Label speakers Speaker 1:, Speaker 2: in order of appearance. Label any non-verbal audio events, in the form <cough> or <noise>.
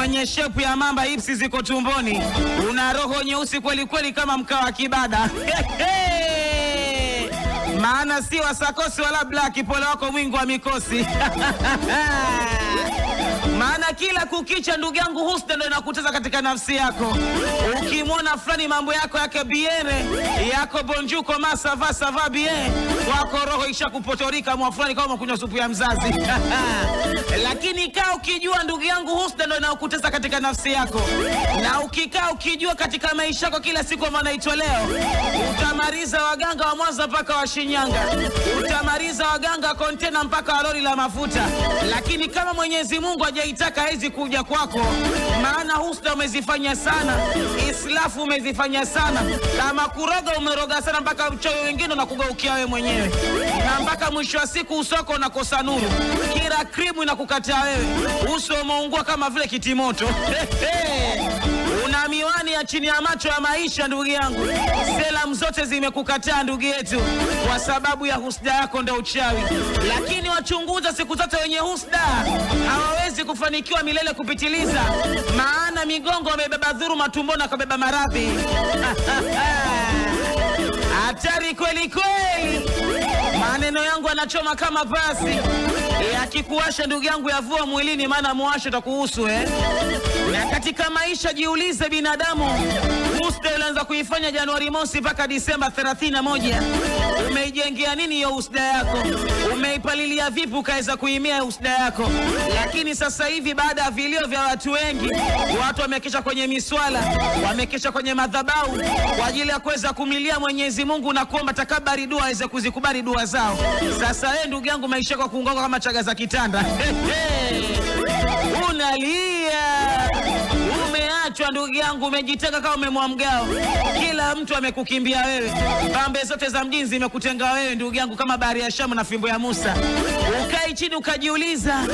Speaker 1: mwenye shepu ya mamba, ipsi ziko tumboni, una roho nyeusi kwelikweli kama mkaa wa kibada <laughs> maana si wasakosi wala blaki, pole wako mwingi wa mikosi <laughs> maana kila kukicha, ndugu yangu, husda ndo inakuteza katika nafsi yako. Ukimwona fulani mambo yako yake biere yako bonjuko masavasava biere wako roho isha kupotorika mwafulani kama kunywa supu ya mzazi <laughs> lakini kaa ukijua ndugu yangu, husda ndo inayokutesa katika nafsi yako, na ukikaa ukijua katika maisha yako kila siku wamanaitwa leo, utamaliza waganga wa Mwanza mpaka wa Shinyanga, utamaliza waganga wa kontena mpaka wa lori la mafuta. Lakini kama Mwenyezi Mungu hajaitaka hawezi kuja kwako, maana husda umezifanya sana, islafu umezifanya sana, kama kuroga umeroga sana mpaka mchoyo wengine unakugeukia wewe mwenyewe wewe, na mpaka mwisho wa siku usoko unakosa nuru, kila krimu inakukataa wewe, uso umeungua kama vile kitimoto. Una miwani ya chini ya macho ya maisha, ndugu yangu, selamu zote zimekukataa ndugu yetu, kwa sababu ya husda yako ndo uchawi. Lakini wachunguza siku zote, wenye husda hawawezi kufanikiwa milele kupitiliza, maana migongo wamebeba dhuru tumboni, akabeba maradhi <laughs> hatari kweli kweli maneno yangu anachoma kama pasi, e, akikuasha ndugu yangu yavua mwilini, maana muasha takuhusu eh. Na katika maisha jiulize binadamu, musta ulianza kuifanya Januari mosi mpaka Disemba 31 Umeijengea nini hiyo usda yako? Umeipalilia vipi ukaweza kuimia usda yako? Lakini sasa hivi baada ya vilio vya watu wengi, watu wamekesha kwenye miswala, wamekesha kwenye madhabau kwa ajili ya kuweza kumilia Mwenyezi Mungu na kuomba takabari dua aweze kuzikubali dua zao. Sasa wewe ndugu yangu, maisha yako kuunga kama chaga za kitanda. <laughs> Unali ndugu yangu, umejitenga kama umemwa mgao, kila mtu amekukimbia wewe, pambe zote za mjini zimekutenga wewe, ndugu yangu, kama bahari ya Shamu na fimbo ya Musa. Ukai chini ukajiuliza